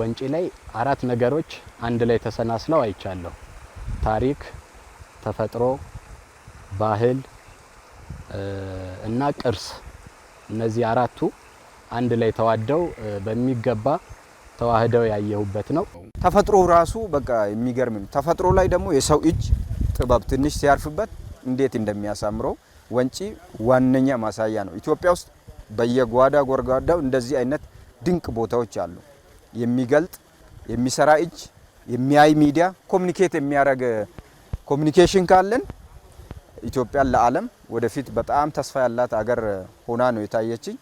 ወንጪ ላይ አራት ነገሮች አንድ ላይ ተሰናስለው አይቻለሁ። ታሪክ፣ ተፈጥሮ፣ ባህል እና ቅርስ። እነዚህ አራቱ አንድ ላይ ተዋደው በሚገባ ተዋህደው ያየሁበት ነው። ተፈጥሮ ራሱ በቃ የሚገርም ነው። ተፈጥሮ ላይ ደግሞ የሰው እጅ ጥበብ ትንሽ ሲያርፍበት እንዴት እንደሚያሳምረው ወንጪ ዋነኛ ማሳያ ነው። ኢትዮጵያ ውስጥ በየጓዳ ጎርጓዳው እንደዚህ አይነት ድንቅ ቦታዎች አሉ። የሚገልጥ የሚሰራ እጅ የሚያይ ሚዲያ ኮሚኒኬት የሚያደርግ ኮሚኒኬሽን ካለን ኢትዮጵያን ለዓለም ወደፊት በጣም ተስፋ ያላት አገር ሆና ነው የታየችኝ።